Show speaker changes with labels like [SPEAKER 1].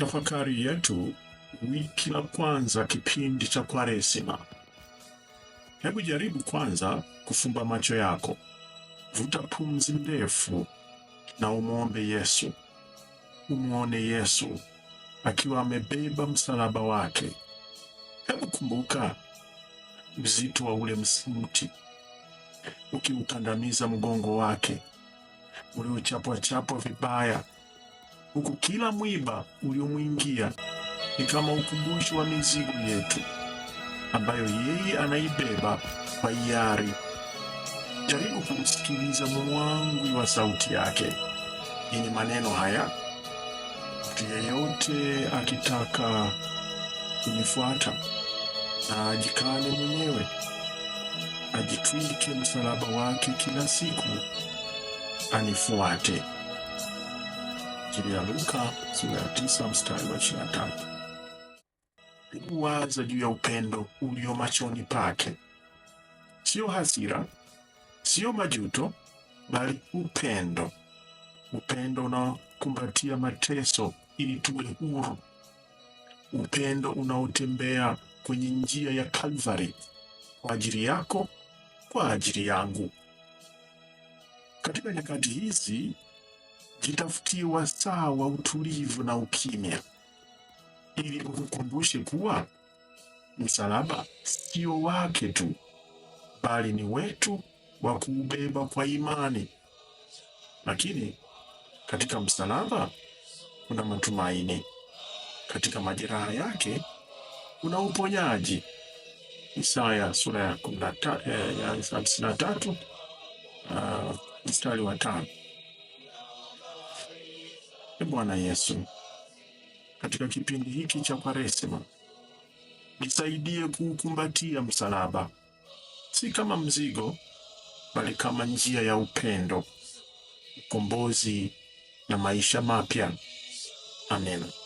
[SPEAKER 1] tafakari yetu wiki la kwanza kipindi cha Kwaresima. Hebu jaribu kwanza kufumba macho yako, vuta pumzi ndefu na umwombe Yesu. Umwone Yesu akiwa amebeba msalaba wake. Hebu kumbuka uzito wa ule msimuti ukiukandamiza mgongo wake uliochapwa chapwa vibaya huku kila mwiba uliomwingia ni kama ukumbusho wa mizigo yetu ambayo yeye anaibeba kwa hiari. Jaribu kumsikiliza mwangwi wa sauti yake yenye maneno haya: mtu yeyote akitaka kunifuata na ajikane mwenyewe, ajitwike msalaba wake kila siku, anifuate. Injili ya Luka sura ya tisa mstari wa ishirini na tatu. Hebu waza juu ya upendo ulio machoni pake, siyo hasira, sio majuto, bali upendo, upendo unaokumbatia mateso ili tuwe huru, upendo unaotembea kwenye njia ya Kalvari kwa ajili yako, kwa ajili yangu. Katika nyakati hizi jitafutie wasaa wa utulivu na ukimya, ili ukukumbushe kuwa msalaba sio wake tu, bali ni wetu wa kuubeba kwa imani. Lakini katika msalaba kuna matumaini, katika majeraha yake kuna uponyaji. Isaya sura ya eh, hamsini na tatu ah, mstari wa tano. E Bwana Yesu, katika kipindi hiki cha Kwaresima nisaidie kuukumbatia msalaba, si kama mzigo, bali kama njia ya upendo, ukombozi na maisha mapya. Amina.